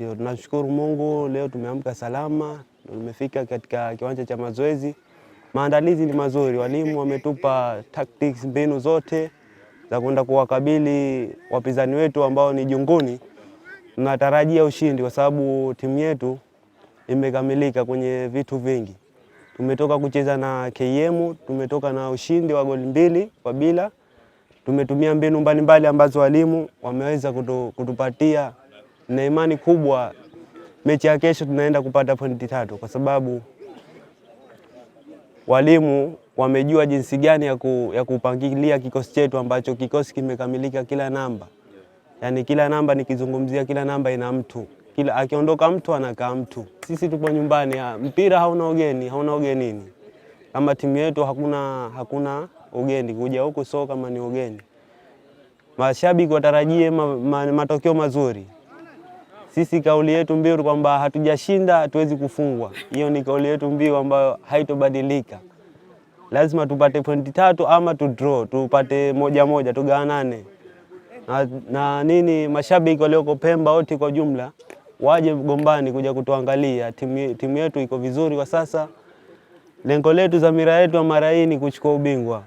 Ndio, tunashukuru Mungu leo tumeamka salama, tumefika katika kiwanja cha mazoezi. Maandalizi ni mazuri, walimu wametupa tactics, mbinu zote za kwenda kuwakabili wapinzani wetu ambao ni Junguni. Tunatarajia ushindi kwa sababu timu yetu imekamilika kwenye vitu vingi. Tumetoka kucheza na KM, tumetoka na ushindi wa goli mbili kwa bila. Tumetumia mbinu mbalimbali ambazo walimu wameweza kutu, kutupatia na imani kubwa mechi ya kesho tunaenda kupata pointi tatu, kwa sababu walimu wamejua jinsi gani ya, ku, ya kupangilia kikosi chetu ambacho kikosi kimekamilika kila namba, yaani kila namba nikizungumzia, kila namba ina mtu, kila akiondoka mtu anakaa mtu. Sisi tupo nyumbani ya, ah, mpira hauna ugeni, hauna ugenini. Kama timu yetu hakuna, hakuna ugeni kuja huku, so kama ni ugeni, mashabiki watarajie ma, ma, matokeo mazuri. Sisi kauli yetu mbiu kwamba hatujashinda hatuwezi kufungwa. Hiyo ni kauli yetu mbiu ambayo haitobadilika. Lazima tupate pointi tatu ama tu draw, tupate moja moja, tugawanane na, na nini. Mashabiki walioko Pemba wote kwa jumla waje Gombani kuja kutuangalia timu, timu yetu iko vizuri kwa sasa. Lengo letu, dhamira yetu mara hii ni kuchukua ubingwa.